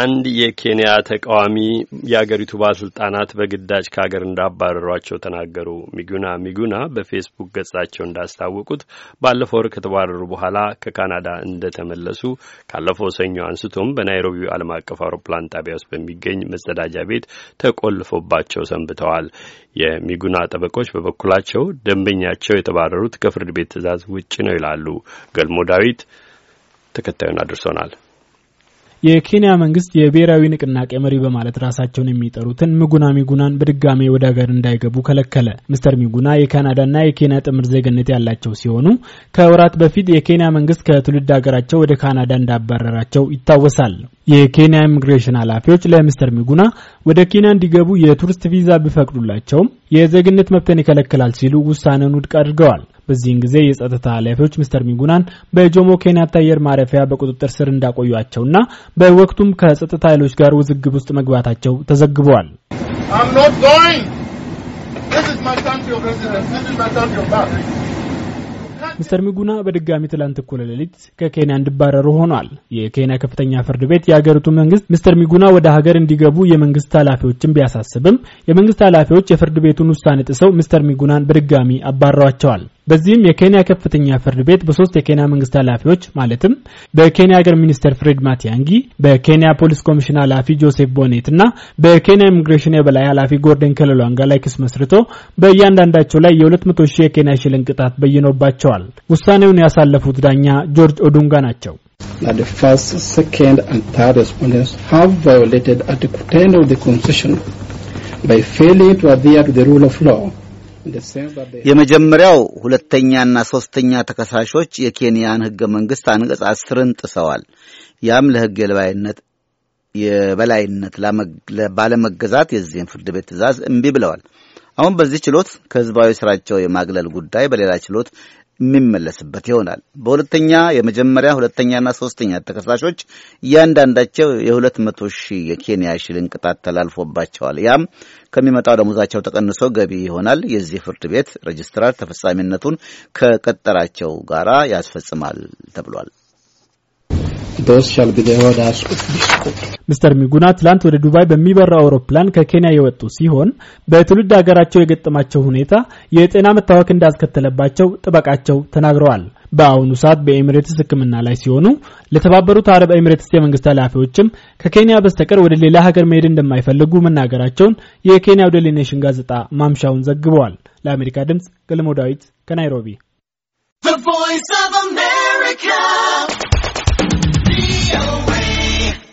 አንድ የኬንያ ተቃዋሚ የአገሪቱ ባለስልጣናት በግዳጅ ከሀገር እንዳባረሯቸው ተናገሩ። ሚጉና ሚጉና በፌስቡክ ገጻቸው እንዳስታወቁት ባለፈው ወር ከተባረሩ በኋላ ከካናዳ እንደተመለሱ ካለፈው ሰኞ አንስቶም በናይሮቢው ዓለም አቀፍ አውሮፕላን ጣቢያ ውስጥ በሚገኝ መጸዳጃ ቤት ተቆልፎባቸው ሰንብተዋል። የሚጉና ጠበቆች በበኩላቸው ደንበኛቸው የተባረሩት ከፍርድ ቤት ትዕዛዝ ውጭ ነው ይላሉ። ገልሞ ዳዊት ተከታዩን አድርሶናል። የኬንያ መንግስት የብሔራዊ ንቅናቄ መሪ በማለት ራሳቸውን የሚጠሩትን ምጉና ሚጉናን በድጋሜ ወደ ሀገር እንዳይገቡ ከለከለ። ምስተር ሚጉና የካናዳና የኬንያ ጥምር ዜግነት ያላቸው ሲሆኑ ከወራት በፊት የኬንያ መንግስት ከትውልድ ሀገራቸው ወደ ካናዳ እንዳባረራቸው ይታወሳል። የኬንያ ኢሚግሬሽን ኃላፊዎች ለሚስተር ሚጉና ወደ ኬንያ እንዲገቡ የቱሪስት ቪዛ ቢፈቅዱላቸውም የዜግነት መብትን ይከለክላል ሲሉ ውሳኔውን ውድቅ አድርገዋል። በዚህን ጊዜ የጸጥታ ኃላፊዎች ሚስተር ሚጉናን በጆሞ ኬንያታ አየር ማረፊያ በቁጥጥር ስር እንዳቆዩቸውና በወቅቱም ከጸጥታ ኃይሎች ጋር ውዝግብ ውስጥ መግባታቸው ተዘግበዋል። ሚስተር ሚጉና በድጋሚ ትላንት እኩለ ሌሊት ከኬንያ እንዲባረሩ ሆኗል። የኬንያ ከፍተኛ ፍርድ ቤት የሀገሪቱ መንግስት ሚስተር ሚጉና ወደ ሀገር እንዲገቡ የመንግስት ኃላፊዎችን ቢያሳስብም የመንግስት ኃላፊዎች የፍርድ ቤቱን ውሳኔ ጥሰው ሚስተር ሚጉናን በድጋሚ አባረዋቸዋል። በዚህም የኬንያ ከፍተኛ ፍርድ ቤት በሶስት የኬንያ መንግስት ኃላፊዎች ማለትም በኬንያ ሀገር ሚኒስተር ፍሬድ ማቲያንጊ፣ በኬንያ ፖሊስ ኮሚሽን ኃላፊ ጆሴፍ ቦኔት እና በኬንያ ኢሚግሬሽን የበላይ ኃላፊ ጎርደን ከለሏንጋ ላይ ክስ መስርቶ በእያንዳንዳቸው ላይ የ200 ሺህ የኬንያ ሽልን ቅጣት በይኖባቸዋል። ውሳኔውን ያሳለፉት ዳኛ ጆርጅ ኦዱንጋ ናቸው። የመጀመሪያው ሁለተኛና ሶስተኛ ተከሳሾች የኬንያን ህገ መንግስት አንቀጽ አስርን ጥሰዋል። ያም ለህግ የበላይነት የበላይነት ባለመገዛት የዚህም ፍርድ ቤት ትእዛዝ እምቢ ብለዋል። አሁን በዚህ ችሎት ከህዝባዊ ስራቸው የማግለል ጉዳይ በሌላ ችሎት የሚመለስበት ይሆናል። በሁለተኛ የመጀመሪያ ሁለተኛና ሶስተኛ ተከሳሾች እያንዳንዳቸው የሁለት መቶ ሺህ የኬንያ ሽልን ቅጣት ተላልፎባቸዋል። ያም ከሚመጣው ደሞዛቸው ተቀንሶ ገቢ ይሆናል። የዚህ ፍርድ ቤት ሬጅስትራር ተፈጻሚነቱን ከቀጠራቸው ጋራ ያስፈጽማል ተብሏል። ሚስተር ሚጉና ትላንት ወደ ዱባይ በሚበራው አውሮፕላን ከኬንያ የወጡ ሲሆን በትውልድ ሀገራቸው የገጠማቸው ሁኔታ የጤና መታወክ እንዳስከተለባቸው ጥበቃቸው ተናግረዋል። በአሁኑ ሰዓት በኤሚሬትስ ሕክምና ላይ ሲሆኑ ለተባበሩት አረብ ኤሚሬትስ የመንግስት ኃላፊዎችም ከኬንያ በስተቀር ወደ ሌላ ሀገር መሄድ እንደማይፈልጉ መናገራቸውን የኬንያው ዴይሊ ኔሽን ጋዜጣ ማምሻውን ዘግበዋል። ለአሜሪካ ድምጽ ገልሞ ዳዊት ከናይሮቢ show.